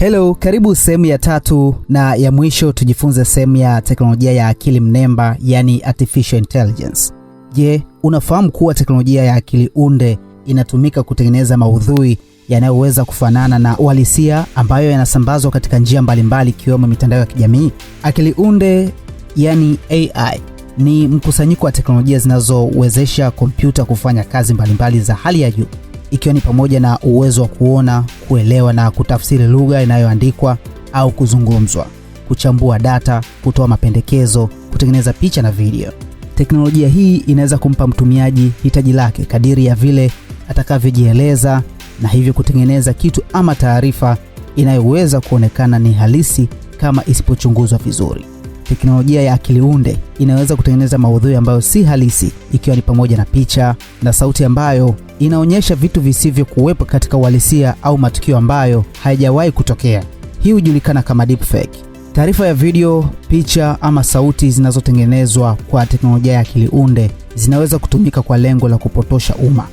Hello, karibu sehemu ya tatu na ya mwisho tujifunze sehemu ya teknolojia ya akili mnemba, yani artificial intelligence. Je, unafahamu kuwa teknolojia ya akili unde inatumika kutengeneza maudhui yanayoweza kufanana na uhalisia ambayo yanasambazwa katika njia mbalimbali ikiwemo mitandao ya kijamii? Akili unde yani AI ni mkusanyiko wa teknolojia zinazowezesha kompyuta kufanya kazi mbalimbali za hali ya juu ikiwa ni pamoja na uwezo wa kuona, kuelewa na kutafsiri lugha inayoandikwa au kuzungumzwa, kuchambua data, kutoa mapendekezo, kutengeneza picha na video. Teknolojia hii inaweza kumpa mtumiaji hitaji lake kadiri ya vile atakavyojieleza na hivyo kutengeneza kitu ama taarifa inayoweza kuonekana ni halisi kama isipochunguzwa vizuri. Teknolojia ya akili unde inaweza kutengeneza maudhui ambayo si halisi, ikiwa ni pamoja na picha na sauti ambayo inaonyesha vitu visivyokuwepo katika uhalisia au matukio ambayo hayajawahi kutokea. Hii hujulikana kama deepfake. Taarifa ya video, picha ama sauti zinazotengenezwa kwa teknolojia ya akili unde zinaweza kutumika kwa lengo la kupotosha umma.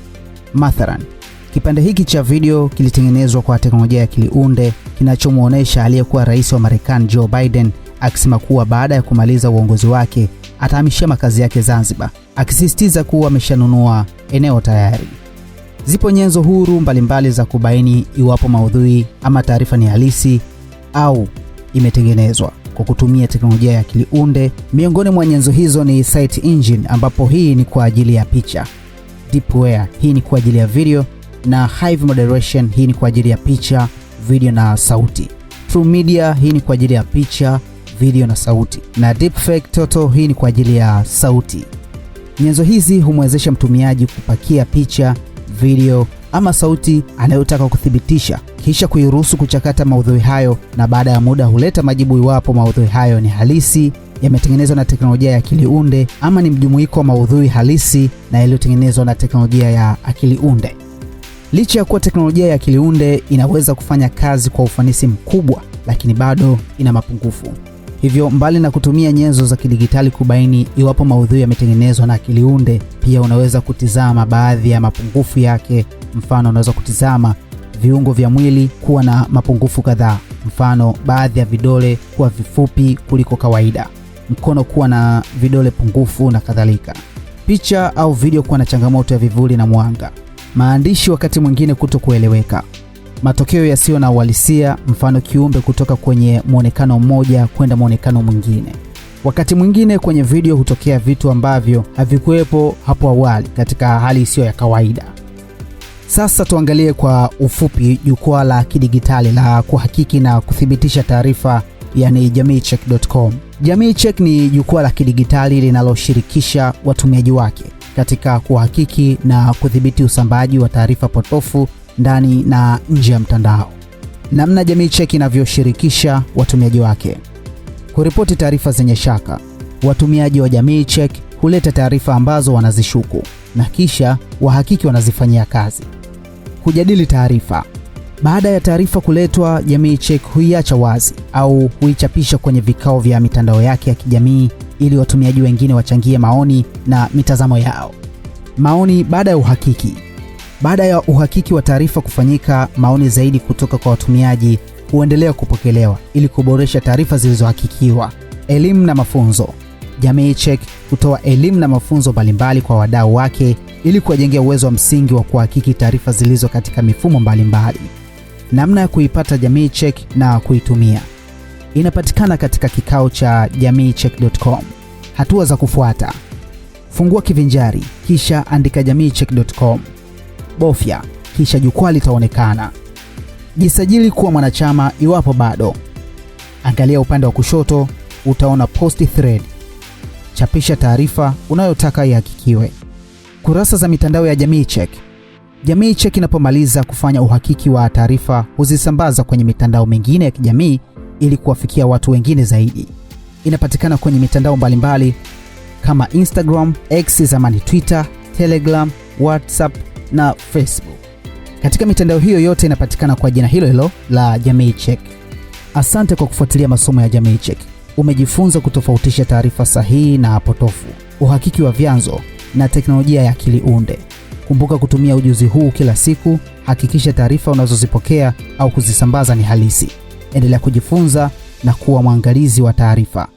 Mathalan, kipande hiki cha video kilitengenezwa kwa teknolojia ya akili unde kinachomwonyesha aliyekuwa rais wa Marekani Joe Biden akisema kuwa baada ya kumaliza uongozi wake atahamishia makazi yake Zanzibar, akisisitiza kuwa ameshanunua eneo tayari. Zipo nyenzo huru mbalimbali mbali za kubaini iwapo maudhui ama taarifa ni halisi au imetengenezwa kwa kutumia teknolojia ya akili unde. Miongoni mwa nyenzo hizo ni Site engine, ambapo hii ni kwa ajili ya picha, Deepware, hii ni kwa ajili ya video, na hive moderation hii ni kwa ajili ya picha, video na sauti. True media hii ni kwa ajili ya picha, video na sauti, na deepfake toto hii ni kwa ajili ya sauti. Nyenzo hizi humwezesha mtumiaji kupakia picha video ama sauti anayotaka kuthibitisha, kisha kuiruhusu kuchakata maudhui hayo, na baada ya muda huleta majibu iwapo maudhui hayo ni halisi, yametengenezwa na teknolojia ya akili unde, ama ni mjumuiko wa maudhui halisi na yaliyotengenezwa na teknolojia ya akili unde. Licha ya kuwa teknolojia ya akili unde inaweza kufanya kazi kwa ufanisi mkubwa, lakini bado ina mapungufu. Hivyo, mbali na kutumia nyenzo za kidigitali kubaini iwapo maudhui yametengenezwa na akili unde, pia unaweza kutizama baadhi ya mapungufu yake. Mfano, unaweza kutizama viungo vya mwili kuwa na mapungufu kadhaa, mfano baadhi ya vidole kuwa vifupi kuliko kawaida, mkono kuwa na vidole pungufu na kadhalika. Picha au video kuwa na changamoto ya vivuli na mwanga, maandishi wakati mwingine kuto kueleweka matokeo yasiyo na uhalisia, mfano kiumbe kutoka kwenye mwonekano mmoja kwenda mwonekano mwingine. Wakati mwingine kwenye video hutokea vitu ambavyo havikuwepo hapo awali katika hali isiyo ya kawaida. Sasa tuangalie kwa ufupi jukwaa la kidigitali la kuhakiki na kuthibitisha taarifa, yani JamiiCheck.com. JamiiCheck ni jukwaa la kidigitali linaloshirikisha watumiaji wake katika kuhakiki na kudhibiti usambaaji wa taarifa potofu ndani na nje ya mtandao, namna jamii check inavyoshirikisha watumiaji wake, kuripoti taarifa zenye shaka. Watumiaji wa jamii check huleta taarifa ambazo wanazishuku na kisha wahakiki wanazifanyia kazi. Kujadili taarifa. Baada ya taarifa kuletwa, jamii check huiacha wazi au huichapisha kwenye vikao vya mitandao yake ya kijamii ili watumiaji wengine wachangie maoni na mitazamo yao. Maoni baada ya uhakiki. Baada ya uhakiki wa taarifa kufanyika, maoni zaidi kutoka kwa watumiaji huendelea kupokelewa ili kuboresha taarifa zilizohakikiwa. Elimu na mafunzo. Jamii Check hutoa elimu na mafunzo mbalimbali kwa wadau wake ili kuwajengea uwezo wa msingi wa kuhakiki taarifa zilizo katika mifumo mbalimbali. Namna ya kuipata Jamii Check na kuitumia inapatikana katika kikao cha jamiicheck.com. Hatua za kufuata: fungua kivinjari, kisha andika jamiicheck.com bofya kisha jukwaa litaonekana. Jisajili kuwa mwanachama iwapo bado. Angalia upande wa kushoto, utaona post thread. Chapisha taarifa unayotaka ihakikiwe. Kurasa za mitandao ya jamii check. Jamii check inapomaliza kufanya uhakiki wa taarifa, huzisambaza kwenye mitandao mingine ya kijamii ili kuwafikia watu wengine zaidi. Inapatikana kwenye mitandao mbalimbali kama Instagram, X zamani Twitter, Telegram, WhatsApp na Facebook. Katika mitandao hiyo yote inapatikana kwa jina hilo hilo la Jamii Check. Asante kwa kufuatilia masomo ya Jamii Check. Umejifunza kutofautisha taarifa sahihi na potofu, uhakiki wa vyanzo na teknolojia ya akili unde. Kumbuka kutumia ujuzi huu kila siku. Hakikisha taarifa unazozipokea au kuzisambaza ni halisi. Endelea kujifunza na kuwa mwangalizi wa taarifa.